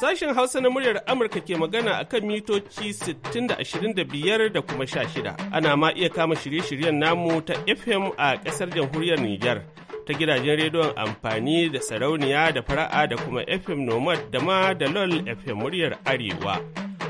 Sashen Hausa na muryar Amurka ke magana a kan mitoci 60 da kuma shida, Ana ma iya kama shirye-shiryen namu ta FM a ƙasar jamhuriyar Nijar ta gidajen rediyon amfani da sarauniya da fara'a da kuma FM Nomad da ma da LOL FM muryar Arewa.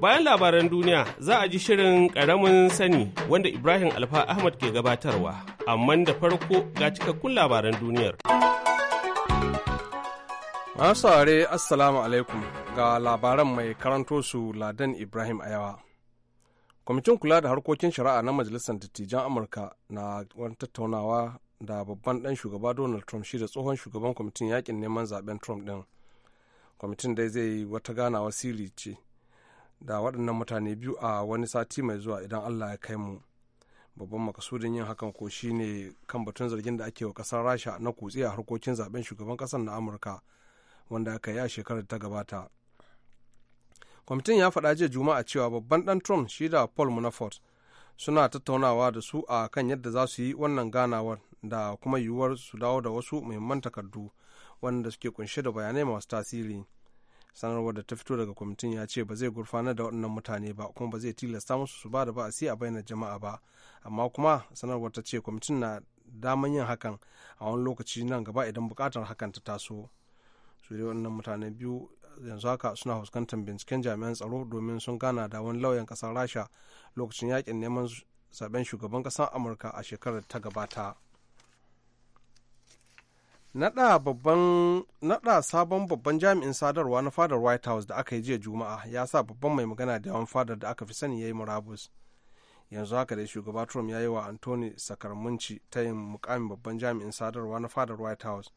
Bayan labaran duniya za a ji shirin karamin sani wanda Ibrahim Alfa Ahmad ke gabatarwa, amma da farko ga cikakkun labaran duniyar. Masu Assalamu alaikum ga labaran mai karanto su Ladan Ibrahim Ayawa. Kwamitin kula da harkokin shari'a na Majalisar Dattijan Amurka na wani tattaunawa da babban dan shugaba Donald Trump shi da tsohon shugaban kwamitin yakin neman zaben Trump ɗin. Kwamitin dai zai wata ganawa siri ce da waɗannan mutane biyu a wani sati mai zuwa idan allah ya kai mu babban makasudin yin hakan ko ne kan batun zargin da ake wa ƙasar rasha na kutse a harkokin zaben shugaban ƙasar na amurka wanda aka yi a shekarar ta gabata kwamitin ya faɗa jiya juma'a cewa babban ɗan trump shi da paul manafort suna tattaunawa da su a kan yadda za su yi wannan ganawar da kuma yiwuwar su dawo da wasu muhimman takardu wanda suke kunshe da bayanai masu tasiri sanarwar da ta fito daga kwamitin ya ce ba zai gurfanar da waɗannan mutane ba kuma ba zai tilasta musu su ba da ba'asi a bayyana jama'a ba amma kuma sanarwar ta ce kwamitin na daman yin hakan a wani lokaci nan gaba idan buƙatar hakan ta taso su dai waɗannan mutane biyu yanzu haka suna fuskantar binciken jami'an tsaro domin sun gana da wani lauyan ƙasar rasha lokacin yakin neman zaben shugaban ƙasar amurka a shekarar ta gabata. Naɗa sabon babban jami'in sadarwa na fadar White House da aka yi jiya Juma'a ya sa babban mai magana da yawan fadar da aka fi sani ya yi murabus. Yanzu haka dai shugaba Trump ya yi wa Anthony Sakarmunci ta yin mukamin babban jami'in sadarwa na fadar White House.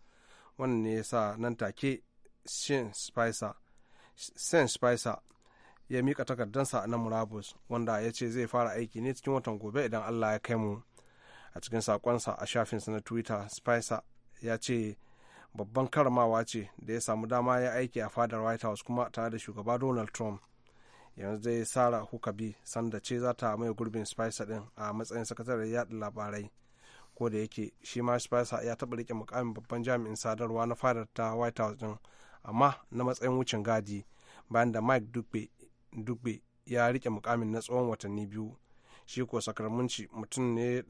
Wannan ne ya sa nan take Sean Spicer, Spicer ya mika takardansa na murabus wanda ya ce zai fara aiki ne cikin watan gobe idan Allah ya kai mu. A cikin sakonsa a shafinsa na Twitter, Spicer ya ce babban karamawa ce da ya samu dama ya aiki a fadar white house kuma tare da shugaba donald trump yanzu dai sara hukabi sanda ce za ta mai gurbin spicer din a matsayin sakatare yaɗa labarai ko da yake shi ma spicer ya taba rike mukamin babban jami'in sadarwa na fadar ta white house din amma na matsayin wucin gadi bayan da mike dugbe ya rike mukamin na tsawon watanni biyu shi ko sakramunci mutum ne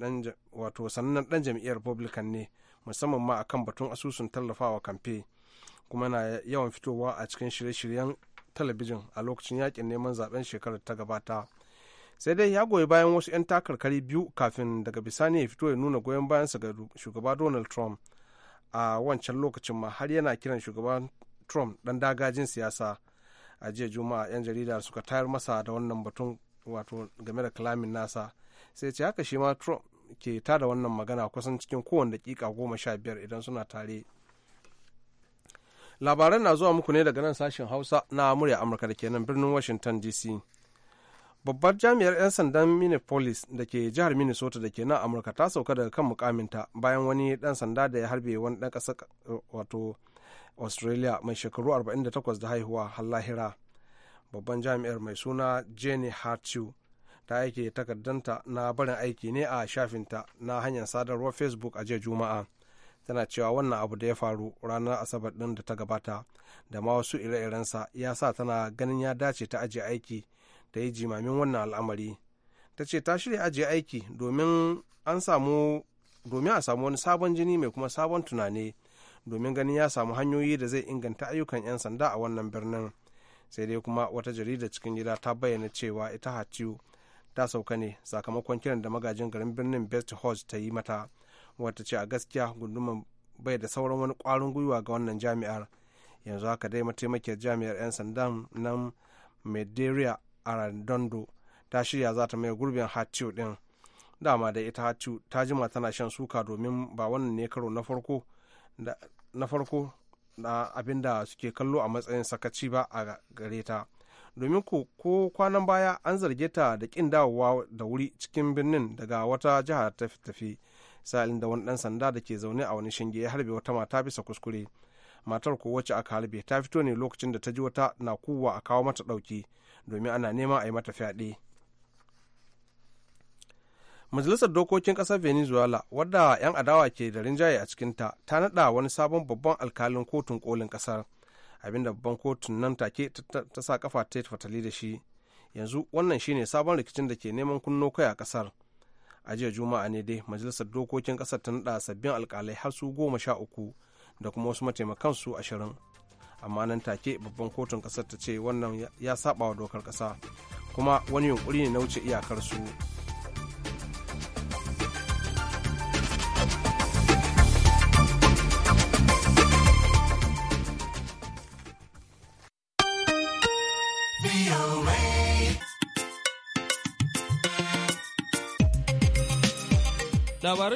wato sannan dan jam'iyyar republican ne musamman ma akan batun asusun tallafawa kamfe kuma na yawan fitowa a cikin shirye-shiryen talabijin a lokacin yakin neman zaben shekarar ta gabata sai dai ya goyi bayan wasu 'yan takarkari biyu kafin daga bisani ya fito ya nuna goyon bayansa ga shugaba donald trump a wancan lokacin ma har yana kiran shugaban trump dan dagajin siyasa a jiya juma'a 'yan jarida suka tayar masa da wannan batun wato game da kalamin nasa sai ce haka shi ma trump ke tada wannan magana kusan cikin kowane dakika goma sha biyar idan suna tare labaran na zuwa muku ne daga nan sashen hausa na murya amurka da kenan birnin washington dc babbar jami'ar 'yan sandan minneapolis da ke jihar minnesota da ke nan amurka ta sauka daga kan mukaminta bayan wani dan sanda da ya harbe wani dan ƙasar wato australia mai shekaru 48 da haihuwa har lahira babban jami'ar mai suna jenny hartew ta yake takardanta na barin aiki ne a shafinta na hanyar sadarwar facebook a jiya juma'a tana cewa wannan abu da ya faru ranar asabar din da ta gabata da ma wasu ire-irensa ya sa tana ganin ya dace ta ajiye aiki ta yi jimamin wannan al'amari ta ce ta shirya ajiye aiki domin a samu wani sabon jini mai kuma sabon tunani domin ganin ya samu hanyoyi da zai inganta ayyukan 'yan sanda a wannan birnin sai dai kuma wata jarida cikin gida ta bayyana cewa ita hatiyu ta sauka ne sakamakon kiran da magajin garin birnin best horse ta yi mata wata ce a gaskiya gunduman bai da sauran wani kwarin gwiwa ga wannan jami'ar yanzu haka dai mataimakiyar jami'ar 'yan sandan nan a arandondo ta shirya za ta mai gurbin hatiu din dama da ita hatiu ta jima tana shan suka domin ba wannan ne karo na farko na farko abin da suke kallo a matsayin sakaci ba a gareta. domin ko kwanan baya an zarge ta da kin dawowa da wuri cikin birnin daga wata jihar ta tafi sa'ilin da wani dan sanda da ke zaune a wani shinge ya harbe wata mata bisa kuskure matar ko wacce aka harbe ta fito ne lokacin da ta ji wata na kuwa a kawo mata ɗauki domin ana neman a yi mata fyaɗe. Majalisar Dokokin Ƙasar Venezuela, wadda 'yan adawa ke da rinjaye a cikinta, ta naɗa wani sabon babban alkalin kotun kolin ƙasar. abinda babban kotun nan take ta sa kafa ta yi fatali da shi yanzu wannan shine sabon rikicin da ke neman kunno kai a kasar a jiya juma'a ne dai majalisar dokokin kasar ta naɗa sabbin alkalai har su goma sha uku da kuma wasu mataimakan su ashirin amma nan take babban kotun kasar ta ce wannan ya saba wa dokar kasa kuma wani yunkuri ne na wuce iyakar su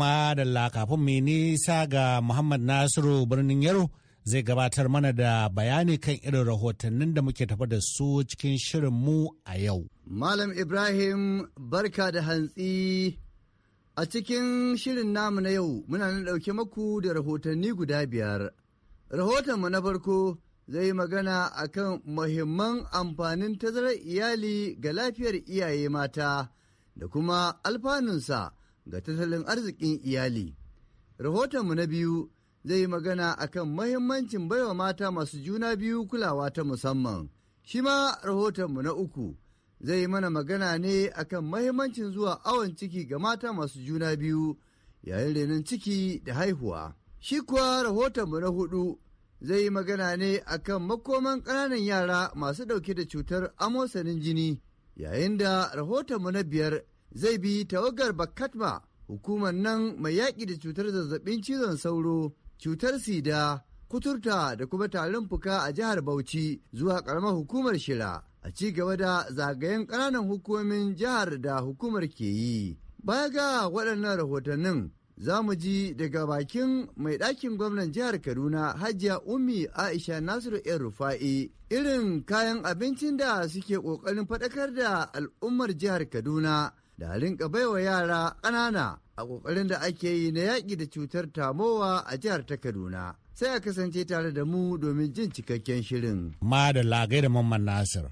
ma da kafin mai nisa ga Muhammad Nasiru birnin Yaro zai gabatar mana da bayani kan irin rahotannin da muke tafa da su cikin shirin mu a yau. Malam Ibrahim barka da hantsi a cikin shirin namu na yau muna nan ɗauke maku da rahotanni guda biyar. Rahotonmu na farko zai yi magana a kan muhimman amfanin tazarar iyali ga lafiyar iyaye mata da kuma alfanunsa. ga tattalin arzikin iyali. Rahotonmu na biyu zai yi magana a kan mahimmancin baiwa mata masu juna biyu kulawa ta musamman. Shi ma rahotonmu na uku zai yi mana magana ne a kan mahimmancin zuwa awon ciki ga mata masu juna biyu yayin renon ciki da haihuwa. Shi kuwa rahotonmu na hudu zai yi magana ne a kan makoman ƙananan yara masu ɗauke da cutar amosanin jini yayin da rahotonmu na biyar zai bi tawagar bakatma hukumar nan mai yaƙi da cutar zazzabin cizon sauro cutar sida kuturta da kuma tarin fuka a jihar bauchi zuwa ƙaramar hukumar shira a ci gaba da zagayen ƙananan hukumomin jihar da hukumar ke yi baya ga waɗannan rahotannin za mu ji daga bakin mai ɗakin gwamnan jihar kaduna hajiya ummi aisha nasiru yan rufa'i irin kayan abincin da suke ƙoƙarin faɗakar da al'ummar jihar kaduna da a rinka baiwa yara ƙanana a ƙoƙarin da ake yi na yaƙi da cutar tamowa a jihar ta Kaduna. Sai a kasance tare da mu domin jin cikakken shirin. Ma da lagai da Mamman Nasir.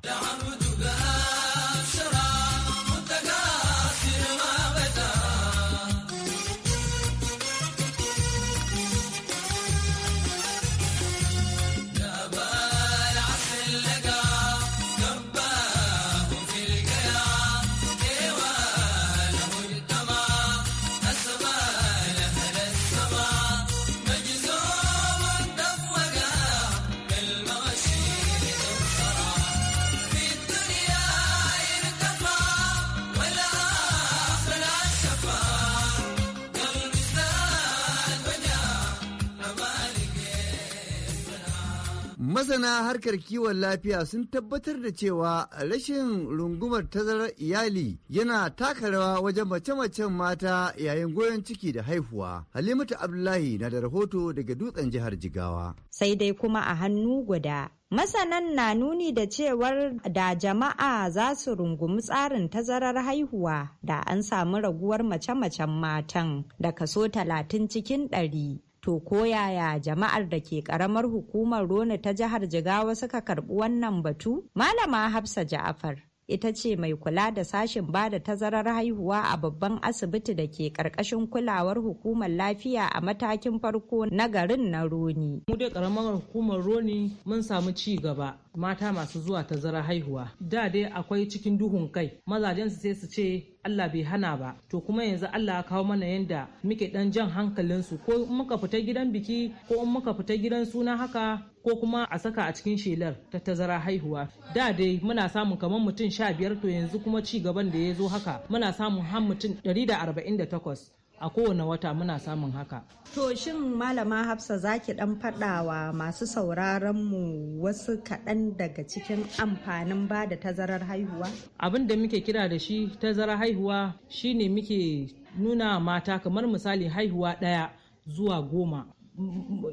Masana harkar kiwon lafiya sun tabbatar da cewa rashin rungumar tazarar iyali yana taka rawa wajen mace-macen mata yayin goyon ciki da haihuwa. Halimatu Abdullahi na da rahoto daga dutsen jihar Jigawa. Sai dai kuma a hannu guda Masanan na nuni da cewar da jama'a za su rungumi tsarin tazarar haihuwa da an samu raguwar mace-macen matan da kaso talatin cikin ɗari. To ko yaya jama'ar da ke karamar hukumar Rona ta jihar Jigawa suka karbi wannan batu? Malama Hafsa Ja'afar ita ce mai kula da sashin ba da tazarar haihuwa a babban asibiti da ke karkashin kulawar hukumar lafiya a matakin farko na garin na Roni. Mu dai karamar hukumar Roni mun samu ci gaba mata masu zuwa tazarar haihuwa. Da dai akwai cikin duhun kai mazajen su sai su ce Allah bai hana ba to kuma yanzu Allah ya kawo mana yanda muke dan jan hankalin su ko in muka fita gidan biki ko in muka fita gidan suna haka ko kuma a saka a cikin shelar ta tazara haihuwa da dai muna samun kamar mutum sha biyar to yanzu kuma ci gaban da ya zo haka muna samun har mutum 148 a kowane wata muna samun haka. To shin malama Hafsa zaki ki dan faɗawa masu sauraron mu wasu kaɗan daga cikin amfanin ba da tazarar haihuwa? Abin da muke kira da shi tazarar haihuwa shine muke nuna mata kamar misali haihuwa ɗaya zuwa goma.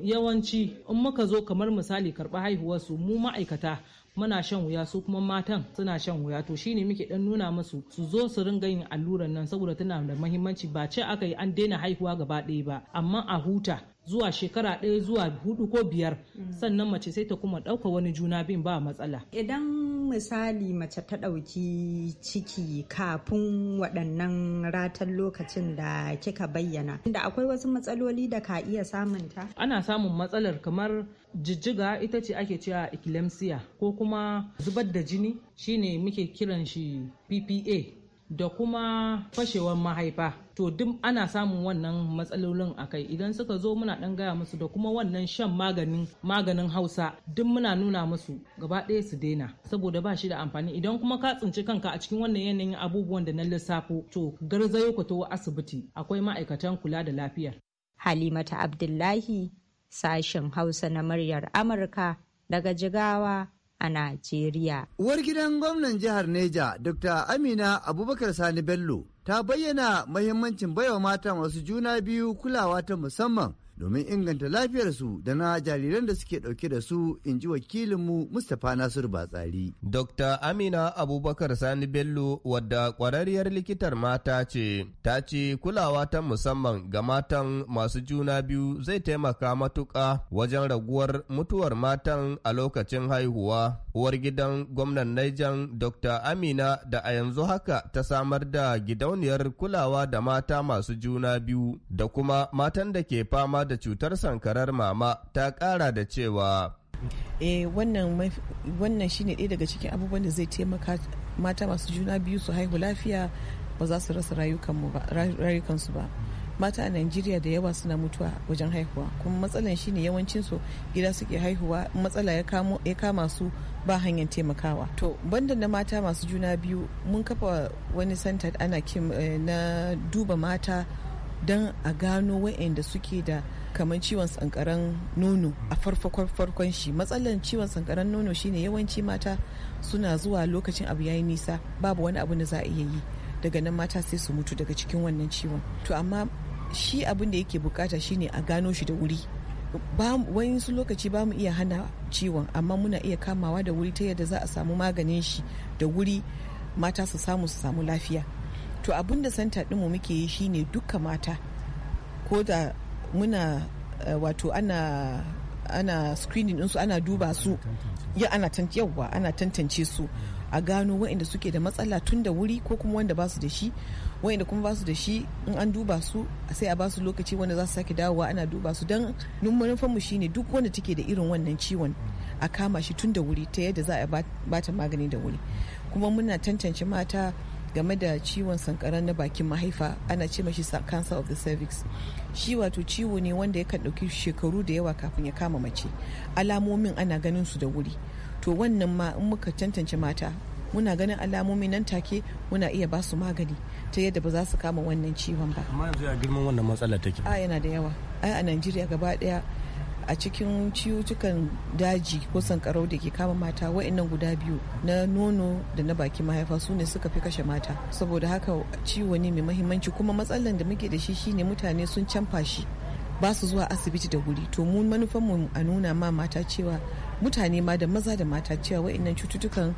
Yawanci in muka zo kamar misali karɓa haihuwarsu mu ma'aikata muna shan wuya su kuma matan suna shan wuya to shine muke dan nuna musu su zo su ringa yin alluran nan saboda tana da muhimmanci ba ce aka yi an daina haihuwa gaba ɗaya ba amma a huta zuwa shekara ɗaya zuwa hudu ko biyar mm. sannan mace sai ta kuma ɗauka wani juna bin ba matsala. Idan misali mace ta ɗauki ciki kafin waɗannan ratan lokacin da kika bayyana, inda akwai wasu matsaloli da ka iya samunta? Ana samun matsalar kamar jijjiga ita ce ake cewa eclampsia ko kuma zubar da jini shine muke kiran shi PPA. da kuma fashewar mahaifa to duk ana samun wannan matsalolin a kai idan suka zo muna dan gaya musu da kuma wannan shan maganin maganin hausa duk muna nuna musu gaba ɗaya su daina saboda ba shi da amfani idan kuma ka tsinci kanka a cikin wannan yanayin abubuwan da na lissafo to garzayo ku to asibiti akwai ma'aikatan kula da lafiyar halimata abdullahi sashen hausa na muryar amurka daga jigawa a Najeriya. Uwar gidan gwamnan jihar Neja, Dr. Amina Abubakar Sani Bello, ta bayyana mahimmancin baiwa mata masu juna biyu kulawa ta musamman domin inganta lafiyarsu da na jariran da suke ɗauke da su in ji wakilinmu Mustapha Nasiru Batsari. Dr. Amina Abubakar Sani Bello wadda kwararriyar likitar mata ce ta ce kulawa ta musamman ga matan masu juna biyu zai taimaka matuƙa wajen raguwar mutuwar matan a lokacin haihuwa. Uwar gidan gwamnan Naijan Dr. Amina da a yanzu haka ta samar da gidauniyar kulawa da mata masu juna biyu da kuma matan da ke fama da cutar sankarar mama ta kara da cewa eh wannan shine ɗaya daga cikin abubuwan da zai taimaka mata masu juna biyu su haihu lafiya ba za su rasa rayukansu ba mata a najeriya da yawa suna mutuwa wajen haihuwa kuma matsalan shine yawancinsu gida suke haihuwa matsala ya kama su ba hanyar taimakawa to banda na mata masu juna biyu mun kafa wani santa ana kim eh, na duba mata don a gano wa'anda suke da kamar ciwon sankaran nono a farkon shi matsalar ciwon sankaran nono shine yawanci mata suna zuwa lokacin abu yayi nisa babu wani abu da za a iya yi daga nan mata sai su mutu daga cikin wannan ciwon to amma shi abin da yake bukata shine a gano shi da wuri su lokaci ba mu iya hana ciwon amma muna iya kamawa da wuri ta yadda za a samu maganin shi da wuri mata su samu su samu lafiya to abin da santa ɗinmu muke yi shine duka mata ko da muna eh, wato ana ana screening ɗinsu ana duba su ya ana yawa ana tantance su a gano waɗanda suke da matsala tun da wuri ko kuma wanda basu da shi waɗanda kuma basu da shi in an duba su sai a basu lokaci wanda za su sake dawowa ana duba su don manufan mu shine duk wanda take da irin wannan ciwon a kama shi tun da wuri ta yadda za a ba ta magani da wuri kuma muna tantance mata game da ciwon sankara na bakin mahaifa ana ce mashi cancer of the cervix shi wato ciwo ne wanda yakan ɗauki shekaru da yawa kafin ya kama mace alamomin ana ganin su da wuri to wannan ma in muka tantance mata muna ganin alamomi nan take muna iya basu magani ta yadda ba za su kama wannan ciwon ba amma yanzu ya girman wannan matsala take a yana da yawa ai a Najeriya gaba daya a cikin ciwutukan daji ko sankarau da ke kama mata wa'annan guda biyu na nono da na baki mahaifa su ne suka fi kashe mata saboda haka ciwo ne mai mahimmanci kuma matsalan da muke da shi shine mutane sun canfa shi ba su zuwa asibiti da guri to mu manufan mu a nuna ma mata cewa mutane ma da maza da mata cewa wa'annan cututtukan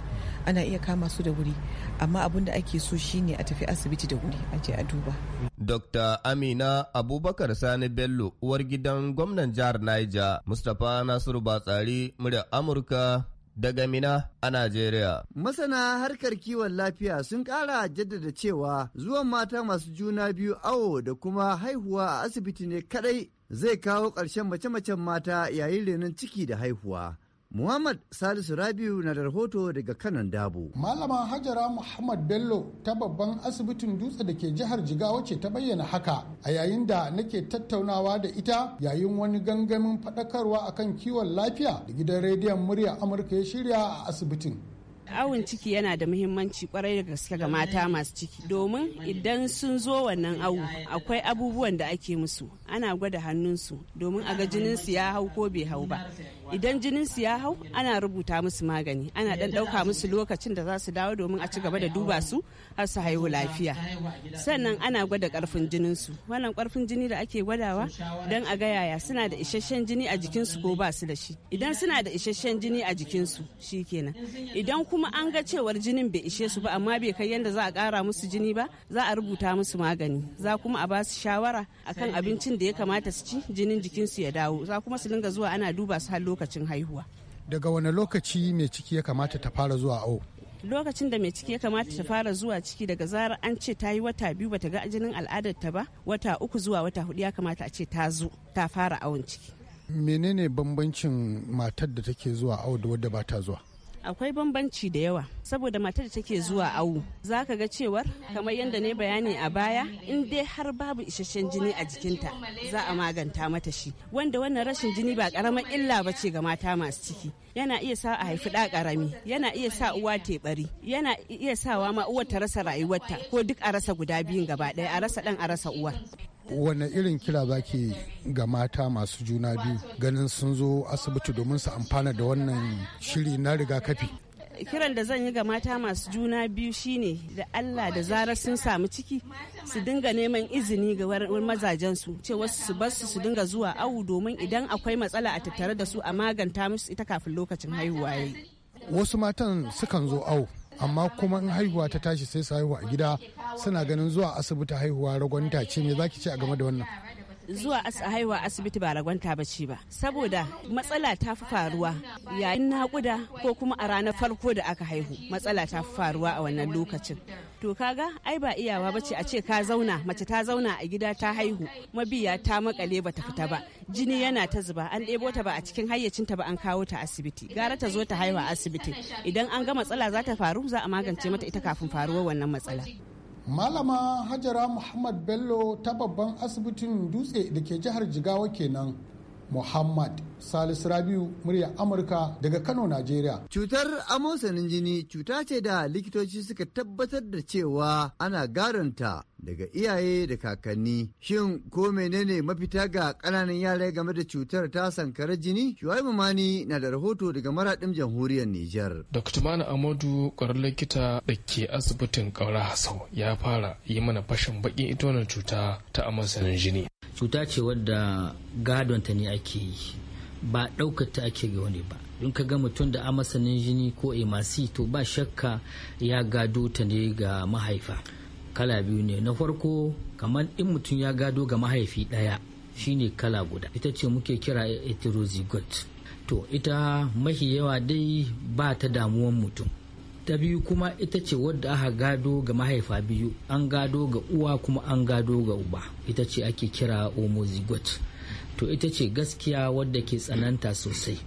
ana iya kama su da wuri amma abin da ake so shine a tafi asibiti da wuri a je a duba. Dr. Amina Abubakar Sani Bello uwar gidan gwamnan jihar Niger Mustapha Nasiru Batsari murya Amurka daga Mina a Najeriya. Masana harkar kiwon lafiya sun kara jaddada cewa zuwan mata masu juna biyu awo da kuma haihuwa a asibiti ne kadai zai kawo ƙarshen mace-macen mata yayin renon ciki da haihuwa. Muhammad Salisu Rabiu na da rahoto daga kanan dabu. Malama Hajara Muhammad Bello ta babban asibitin dutse da ke jihar Jigawa ce ta bayyana haka a yayin da nake tattaunawa da ita yayin wani gangamin faɗakarwa akan kiwon lafiya da gidan rediyon murya Amurka ya shirya a asibitin. awon ciki yana da muhimmanci kwarai da gaske ga mata masu ciki domin idan sun zo wannan awo akwai abubuwan da ake musu ana gwada hannunsu domin a ga jininsu ya hau ko bai hau ba idan jininsu ya hau ana rubuta musu magani ana dan dauka musu lokacin da za su dawo domin a ci gaba da duba su har su haihu lafiya sannan ana gwada karfin jininsu wannan karfin jini da ake gwadawa don a ga yaya suna da isasshen jini a jikinsu ko ba su da shi idan suna da isasshen jini a jikinsu shikenan idan kuma kuma an ga cewar jinin bai ishe su ba amma bai kai yadda za a kara musu jini ba za a rubuta musu magani za kuma a ba su shawara akan abincin da ya kamata su ci jinin jikinsu ya dawo za kuma su dinga zuwa ana duba su har lokacin haihuwa daga wani lokaci mai ciki ya kamata ta fara zuwa awo lokacin da mai ciki ya kamata ta fara zuwa ciki daga zarar an ce ta yi wata biyu bata ga jinin al'adar ta ba wata uku zuwa wata hudu ya kamata a ce ta zo ta fara awon ciki menene bambancin matar da take zuwa awo da wadda ba ta zuwa akwai bambanci da yawa saboda matar da take zuwa awu za ka ga cewar kamar yadda ne bayani a baya in dai har babu isasshen jini a jikinta za a maganta mata shi wanda wannan rashin jini ba karamar illa ba ce ga mata masu ciki yana iya sa a haifi da ƙarami yana iya sa uwa teɓari yana iya sawa ma uwar ta rasa rayuwarta ko duk a rasa guda biyun gaba ɗaya a rasa ɗan a rasa uwar wane irin kira zake ga mata masu juna biyu ganin sun zo asibiti domin su amfana da wannan shiri na rigakafi kiran da zan yi ga mata masu juna biyu shine da Allah da zarar sun samu ciki su dinga neman izini ga mazajensu ce wasu su basu su dinga zuwa awu domin idan akwai matsala a tattare da su a maganta musu ita kafin lokacin haihuwa yayi wasu matan sukan zo awu amma kuma in haihuwa ta tashi sai su haihu a gida suna ganin zuwa asibiti haihuwa ragwanta ce me zaki ce a game da wannan zuwa haihuwa asibiti ba ragwanta ba ce ba saboda matsala ta fi faruwa yayin nakuda ko kuma a ranar farko da aka haihu matsala ta fi faruwa a wannan lokacin to kaga ai ba iyawa bace a ce ka zauna mace ta zauna a gida ta haihu mabiya ta makale ba ta fita ba jini yana ta zuba an ɗebo ta ba a cikin hayyacinta ba an kawo ta asibiti gara ta zo ta haihu a asibiti idan an ga matsala za ta faru za a magance mata ita kafin faruwar wannan matsala malama hajara muhammad bello ta babban asibitin dutse da ke jihar jigawa kenan muhammad Salisu Rabiu murya Amurka daga Kano, Najeriya. Cutar amosanin jini cuta ce da likitoci suka tabbatar da cewa ana garanta daga iyaye da kakanni. Shin ko menene mafita ga ƙananan yara game da cutar ta sankara jini? Shuaibu Mamani na da rahoto daga maraɗin jamhuriyar Nijar. Dr. Mani Amadu ƙwarar likita da ke asibitin ƙaura Hassau ya fara yi mana fashin baƙin ita wannan cuta ta amosanin jini. Cuta ce wadda gadonta ne ake yi. ba ɗaukar ta ake ga wani ba in ka ga mutum da amasanin jini ko emasi to ba shakka ya gado ta ne ga mahaifa kala biyu ne na farko kamar in mutum ya gado ga mahaifi ɗaya shine kala guda ita ce muke kira heterozygote to ita mahi yawa dai ba ta damuwan mutum ta biyu kuma ita ce wadda aka gado ga mahaifa biyu an gado ga uwa kuma an gado ga uba ita ce ake kira homozygote to ita ce gaskiya wadda ke tsananta sosai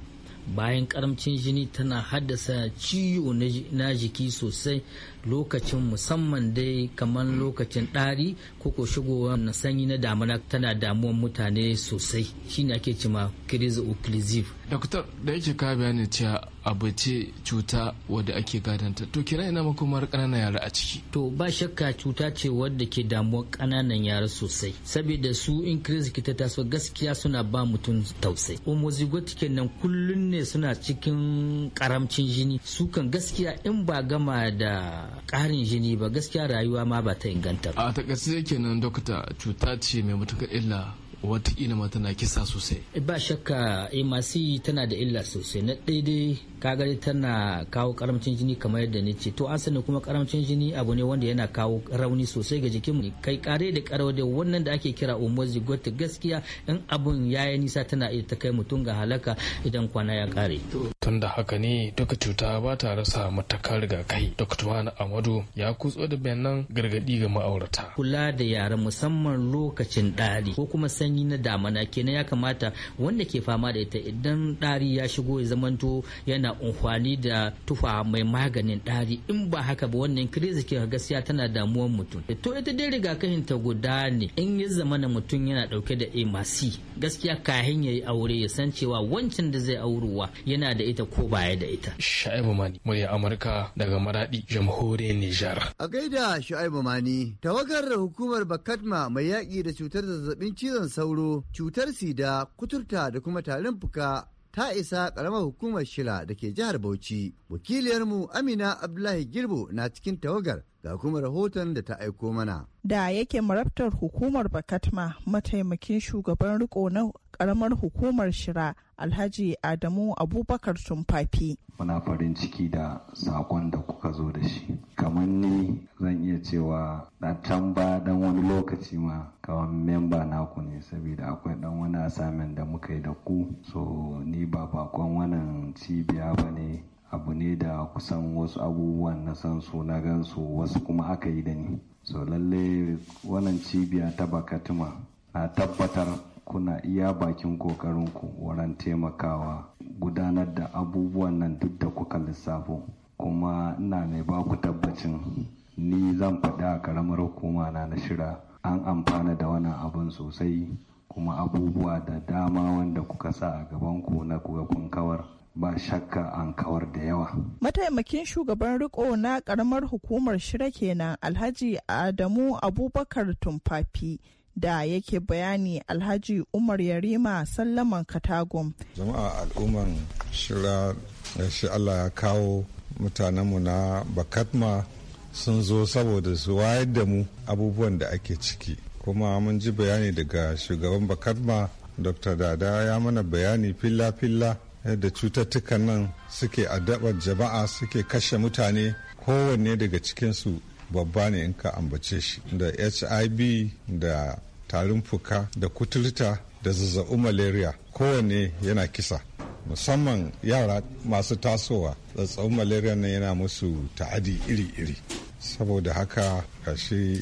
bayan karamcin jini tana haddasa ciwo na jiki sosai lokacin musamman dai kamar lokacin ɗari ko shigowa na sanyi na damuna tana damuwan mutane sosai shine ake cima crise occlusive doktor da yake ka bayani cewa abu ce cuta wadda ake gadanta to kira ina makomar ƙananan yara a ciki to ba shakka cuta ce wadda ke damuwar kananan yara sosai saboda su in ki ta taso gaskiya suna ba mutum tausai homozygotic nan kullun ne suna cikin karamcin jini su kan gaskiya in ba gama da ƙarin jini ba gaskiya rayuwa ma ba ta inganta a takaice kenan dokta cuta ce mai matuƙar illa watakila ma tana kisa sosai eh, ba shakka eh, amc tana da illa sosai na daidai Kagari tana kawo karamcin jini kamar yadda ni ce to an sani kuma karamcin jini abu ne wanda yana kawo rauni sosai ga jikin mu kai kare da karo da wannan da ake kira umar zigota gaskiya in abun ya yi nisa tana iya ta kai mutum ga halaka idan kwana ya kare tunda haka ne duka cuta ba ta rasa matakan kai dr wani amadu ya kutso da bayanan gargadi ga ma'aurata kula da yara musamman lokacin ɗari ko kuma sanyi tsanani na damana kenan ya kamata wanda ke fama da ita idan ɗari ya shigo ya zamanto yana unhwani da tufa mai maganin ɗari in ba haka ba wannan kirizi ke gaskiya tana damuwar mutum to ita dai rigakafin ta guda ne in ya zamana mutum yana dauke da emasi gaskiya kahin yayi aure ya san cewa wancan da zai aurewa yana da ita ko baya da ita sha'ibu mani murya amurka daga maradi jamhuriyar nijar a gaida sha'ibu mani tawagar hukumar bakatma mai yaƙi da cutar zazzabin cizon sauro sauro cutar sida kuturta da kuma tarin fuka ta isa karamar hukumar shila da ke jihar bauchi wakiliyar mu amina abdullahi girbo na cikin tawagar ga kuma rahoton da ta aiko mana da yake marabtar hukumar bakatma mataimakin shugaban riko na karamar hukumar shira alhaji adamu abubakar tumfafi muna farin ciki da sakon da kuka zo da shi kamar ni zan iya cewa na can ba dan wani lokaci ma Kawai memba naku ne saboda akwai dan wani asamin da muka yi da ku so ni ba bakon wannan cibiya ba ne abu ne da kusan wasu abubuwan na san su na gan su wasu kuma aka yi da ni so lalle wannan cibiya ta bakatuma na tabbatar kuna iya bakin ƙoƙarinku wurin taimakawa gudanar da abubuwan nan duk da kuka lissafo kuma ina mai ba ku tabbacin ni zan faɗi a ƙaramar hukuma na na shira an amfana da wannan abin sosai kuma abubuwa da dama wanda kuka sa a gaban ku na kuga kun kawar ba shakka an kawar da yawa. Mataimakin shugaban riko na ƙaramar hukumar shira kenan Alhaji Adamu Abubakar Tumfafi da yake bayani alhaji umar yarima sallaman katagum jama'a al'umman shira da shi allah ya kawo mutanenmu na bakatma sun zo saboda su wayar da mu abubuwan da ake ciki kuma mun ji bayani daga shugaban bakatma dr dada ya mana bayani filla-filla yadda cututtukan nan suke adabar jama'a suke kashe mutane kowanne daga cikinsu babba ne in ka ambace shi da hiv da tarin fuka da kuturta da zazzabin malaria kowanne yana kisa musamman yara masu tasowa zazzabin malaria nan yana musu ta'adi iri-iri saboda haka kashi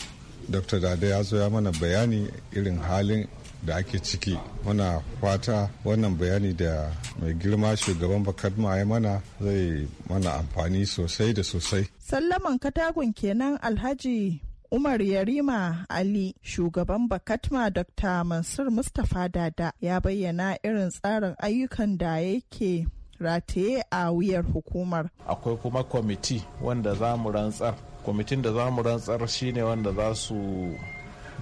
dr dada ya zo ya mana bayani irin halin da ake ciki muna fata wannan bayani da mai girma shugaban bakatma ya mana zai mana amfani sosai da sosai sallaman katakon kenan alhaji Umar Yarima Ali, shugaban Bakatma Dr. Mansur Mustapha Dada ya bayyana irin tsarin ayyukan da yake rataye a wuyar hukumar. Akwai kuma kwamiti wanda za mu rantsar. Kwamitin da za mu rantsar shine wanda za su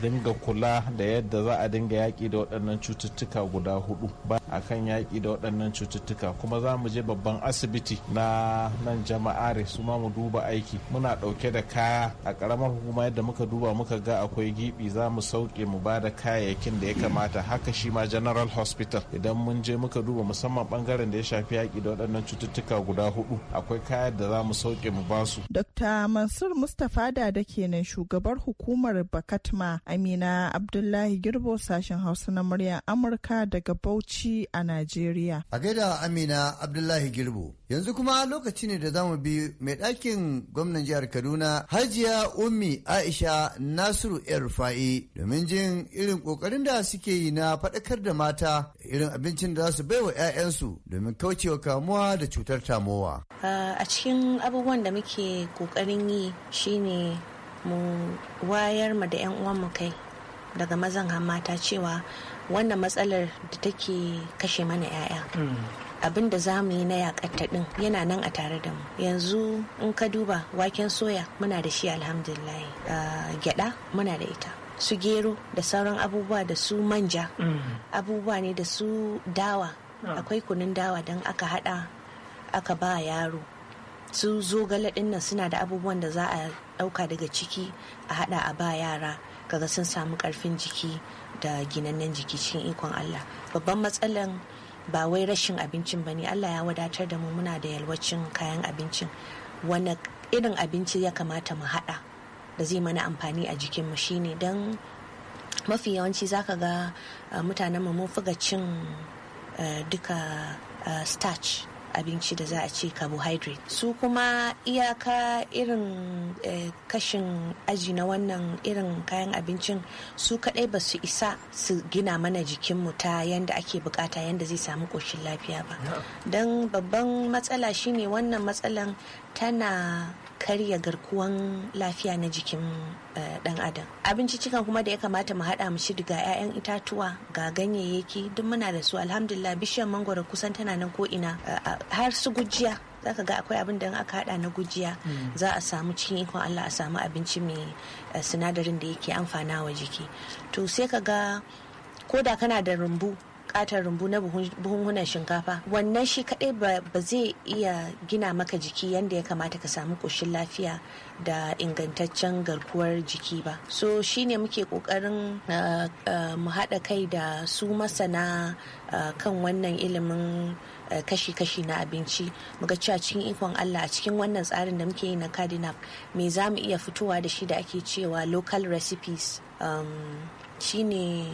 dinga kula da yadda za a dinga yaƙi da waɗannan cututtuka guda hudu ba a kan yaƙi da waɗannan cututtuka kuma za mu je babban asibiti na nan jama'are su ma mu duba aiki muna ɗauke da kaya a ƙaramar hukuma yadda muka duba muka ga akwai gibi za mu sauke mu ba da kayayyakin da ya kamata haka shi ma general hospital idan mun je muka duba musamman ɓangaren da ya shafi yaƙi da waɗannan cututtuka guda hudu akwai kaya da za mu sauke mu ba su. Dr. Mansur Mustapha da da kenan shugabar hukumar Bakatma Amina Abdullahi Girbo sashen Hausa na murya Amurka daga Bauchi a Najeriya. A gaida Amina Abdullahi Girbo. Yanzu kuma lokaci ne da zamu bi mai ɗakin gwamnan jihar Kaduna Hajiya Ummi Aisha Nasiru Rufa'i domin jin irin ƙoƙarin da suke yi na faɗakar da mata irin abincin da za su baiwa 'ya'yansu domin kaucewa kamuwa da cutar tamowa. A cikin abubuwan da muke ƙoƙarin yi shine mu wayar ma da 'yan uwanmu kai daga mazan mata cewa wannan matsalar da take kashe mana 'ya'ya hmm. abin da za mu yi na yakatta din yana nan a tare da mu yanzu in ka duba waken soya muna da shi alhamdulillah ah, gyada muna da ita su gero da sauran abubuwa da su manja hmm. abubuwa ne da su dawa ah. akwai kunun dawa don aka hada aka ba yaro su zogale dinnan suna da abubuwan da za a ɗauka daga ciki a haɗa a ba yara kaga sun samu ƙarfin jiki da ginannen jiki cikin ikon Allah babban matsalan ba wai rashin abincin ba ne Allah ya wadatar da mu muna da yalwacin kayan abincin wani irin abinci ya kamata mu haɗa da zai mana amfani a jikin mu shine don mafi yawanci zaka ga eh, mutanenmu mun fi ga cin eh, duka eh, starch abinci da za a ce carbohydrate su kuma iyaka irin eh, kashin aji na wannan irin kayan abincin su kadai ba su isa su gina mana jikinmu ta yadda ake bukata yadda zai samu koshin lafiya ba don babban matsala shine wannan matsalan tana karya garkuwan lafiya na jikin eh, dan adam abinci cikan kuma da ya kamata mu haɗa mu shi ga 'ya'yan itatuwa ga ganyayyaki duk muna da su alhamdulillah bishiyar mangoro kusan tana nan ko ina har su gujiya zaka ga akwai abin da aka haɗa na gujiya hmm. za a samu cikin ikon Allah a samu abinci mai eh, sinadarin da yake amfana wa jiki to sai ka ga ko da kana da rumbu bukatar rumbu na buhunhunan shinkafa wannan shi kadai ba zai iya gina maka jiki yadda ya kamata ka samu koshin lafiya da ingantaccen garkuwar jiki ba so shi ne muke kokarin mu haɗa kai da su masana kan wannan ilimin kashi-kashi na abinci muga cewa cikin ikon Allah a cikin wannan tsarin da muke yi na cardinal me za mu iya fitowa da shi da ake cewa local recipes um, ne.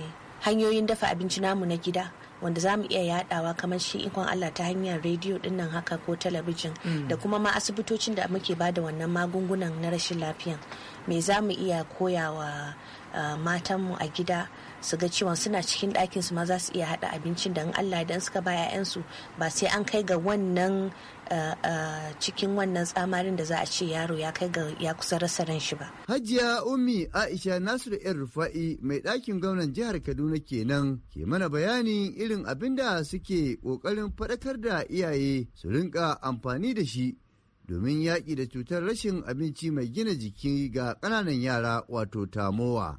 hanyoyin dafa abinci namu na gida wanda za mu iya yadawa kamar shi ikon Allah ta hanyar rediyo dinnan haka ko talabijin mm. da kuma ma asibitocin da muke bada wannan magungunan na rashin lafiyan me za mu iya koyawa ah, matanmu a gida su ga cewa suna cikin ɗakin su ma za su iya haɗa abincin da in Allah dan suka ba 'ya'yansu ba sai an kai ga wannan eh, eh, cikin wannan tsamarin da za a ce yaro ya kai ga ya kusa rasa ran shi ba. Hajiya Ummi Aisha Nasiru ‘yan Rufa'i mai ɗakin gwamnan jihar Kaduna kenan ke mana bayani irin abin da suke ƙoƙarin faɗakar da iyaye su rinka amfani da shi domin yaƙi da cutar rashin abinci mai gina jiki ga ƙananan yara wato tamowa.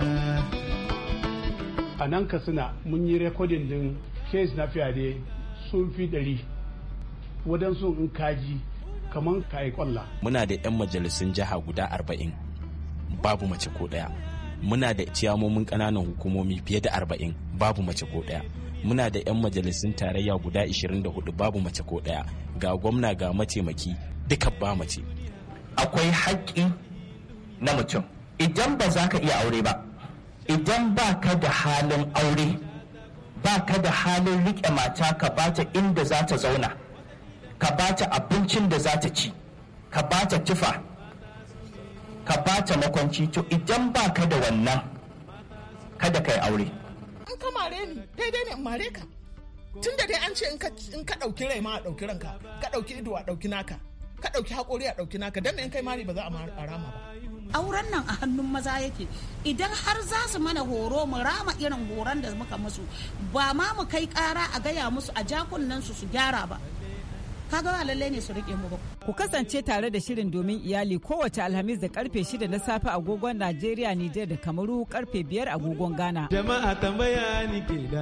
a nan suna mun yi rekodin din kes na fiyade sun fi ɗari sun in kaji kamar ka yi kwalla muna da 'yan majalisun jiha guda arba'in babu mace ko ɗaya muna da ciyamomin ƙananan hukumomi fiye da arba'in babu mace ko ɗaya muna da 'yan majalisun tarayya guda 24 babu mace ko ɗaya ga gwamna ga mataimaki duka ba mace akwai haƙƙi na mutum idan ba za ka iya aure ba idan ba ka da halin aure ba ka da halin riƙe mata ka ba ta inda za ta zauna ka ba ta abincin da za ta ci ka ba ta tufa ka ta makwanci to idan ba ka da wannan kada ka yi aure an ka mare ni daidai ne in mare ka tun da dai an ce in ka ɗauki rai ma a ɗauki ranka ka ɗauki ido a ɗauki naka ka ɗauki haƙori a ɗauki naka don in kai mari ba za a rama ba auren nan a hannun maza yake idan har za su mana horo mu rama irin horon da muka musu ba ma mu kai kara a gaya musu a jakunan su su gyara ba kaga lalle ne su rike mu ba ku kasance tare da shirin domin iyali kowace alhamis da karfe 6 na safe agogon Najeriya Nijar da Kamaru karfe 5 agogon Ghana jama'a tambaya ni ke da